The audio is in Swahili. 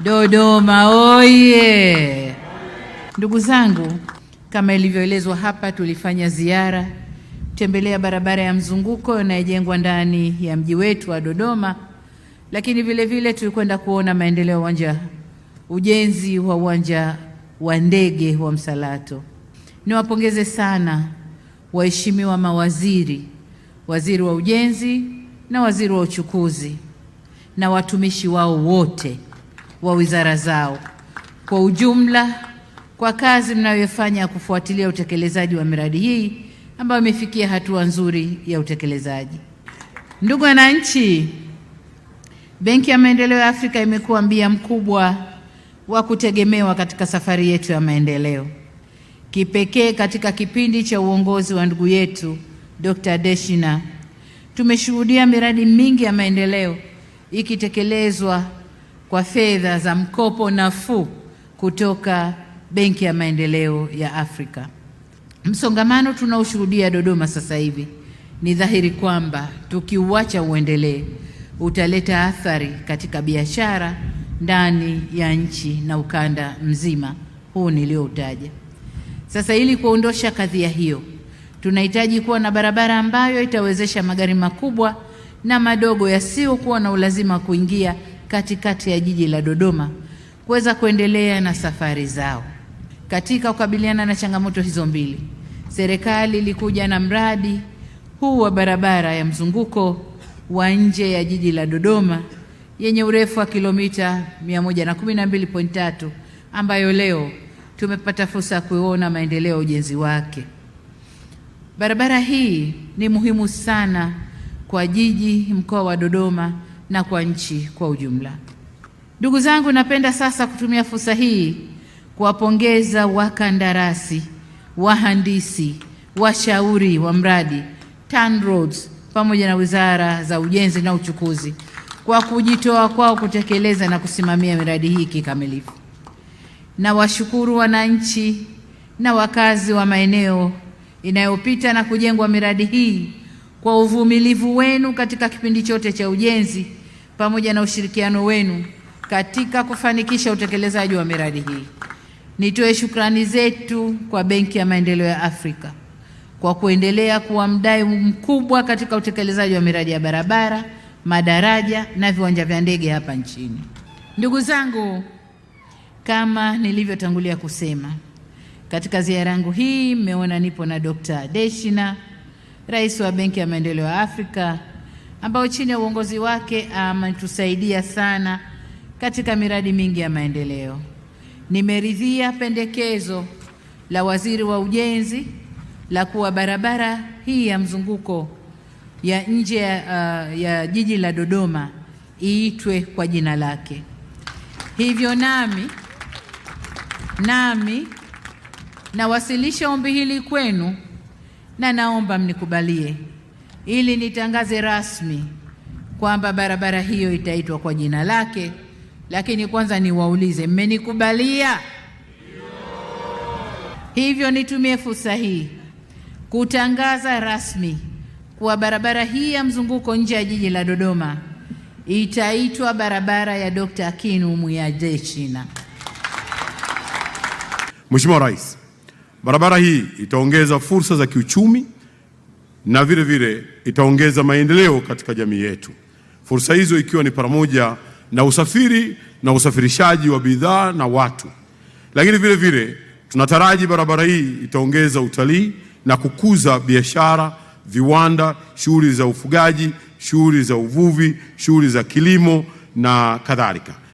Dodoma oye! Ndugu zangu, kama ilivyoelezwa hapa, tulifanya ziara tembelea barabara ya mzunguko inayojengwa ndani ya mji wetu wa Dodoma, lakini vile vile tulikwenda kuona maendeleo ya uwanja, ujenzi wa uwanja wa ndege wa Msalato. Niwapongeze sana waheshimiwa mawaziri, waziri wa ujenzi na waziri wa uchukuzi na watumishi wao wote wa wizara zao kwa ujumla kwa kazi mnayofanya ya kufuatilia utekelezaji wa miradi hii ambayo imefikia hatua nzuri ya utekelezaji. Ndugu wananchi, Benki ya Maendeleo ya Afrika imekuwa mbia mkubwa wa kutegemewa katika safari yetu ya maendeleo, kipekee katika kipindi cha uongozi wa ndugu yetu Dr. Deshina. Tumeshuhudia miradi mingi ya maendeleo ikitekelezwa kwa fedha za mkopo nafuu kutoka Benki ya Maendeleo ya Afrika. Msongamano tunaoshuhudia Dodoma sasa hivi ni dhahiri kwamba tukiuacha uendelee utaleta athari katika biashara ndani ya nchi na ukanda mzima huu niliyoutaja Sasa, ili kuondosha kadhia hiyo, tunahitaji kuwa na barabara ambayo itawezesha magari makubwa na madogo yasiyokuwa na ulazima kuingia katikati ya jiji la Dodoma kuweza kuendelea na safari zao. Katika kukabiliana na changamoto hizo mbili, serikali ilikuja na mradi huu wa barabara ya mzunguko wa nje ya jiji la Dodoma yenye urefu wa kilomita 112.3 ambayo leo tumepata fursa ya kuona maendeleo ya ujenzi wake. Barabara hii ni muhimu sana kwa jiji, mkoa wa Dodoma na kwa nchi kwa ujumla. Ndugu zangu, napenda sasa kutumia fursa hii kuwapongeza wakandarasi, wahandisi, washauri wa mradi TANROADS pamoja na wizara za ujenzi na uchukuzi kwa kujitoa kwao kutekeleza na kusimamia miradi hii kikamilifu. Na washukuru wananchi na wakazi wa maeneo inayopita na kujengwa miradi hii kwa uvumilivu wenu katika kipindi chote cha ujenzi pamoja na ushirikiano wenu katika kufanikisha utekelezaji wa miradi hii. Nitoe shukrani zetu kwa Benki ya Maendeleo ya Afrika kwa kuendelea kuwa mdai mkubwa katika utekelezaji wa miradi ya barabara, madaraja na viwanja vya ndege hapa nchini. Ndugu zangu, kama nilivyotangulia kusema, katika ziara yangu hii mmeona nipo na Dr. Deshina, Rais wa Benki ya Maendeleo ya Afrika ambayo chini ya uongozi wake um, ametusaidia sana katika miradi mingi ya maendeleo. Nimeridhia pendekezo la waziri wa ujenzi la kuwa barabara hii ya mzunguko ya nje ya, uh, ya jiji la Dodoma iitwe kwa jina lake. Hivyo nami nami nawasilisha ombi hili kwenu na naomba mnikubalie ili nitangaze rasmi kwamba barabara hiyo itaitwa kwa jina lake. Lakini kwanza niwaulize, mmenikubalia? Hivyo nitumie fursa hii kutangaza rasmi kuwa barabara hii ya mzunguko nje ya jiji la Dodoma itaitwa barabara ya Dr. akinu Umuyaje China. Mheshimiwa Rais, barabara hii itaongeza fursa za kiuchumi na vile vile itaongeza maendeleo katika jamii yetu. Fursa hizo ikiwa ni pamoja na usafiri na usafirishaji wa bidhaa na watu, lakini vile vile tunataraji barabara hii itaongeza utalii na kukuza biashara, viwanda, shughuli za ufugaji, shughuli za uvuvi, shughuli za kilimo na kadhalika.